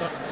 Da.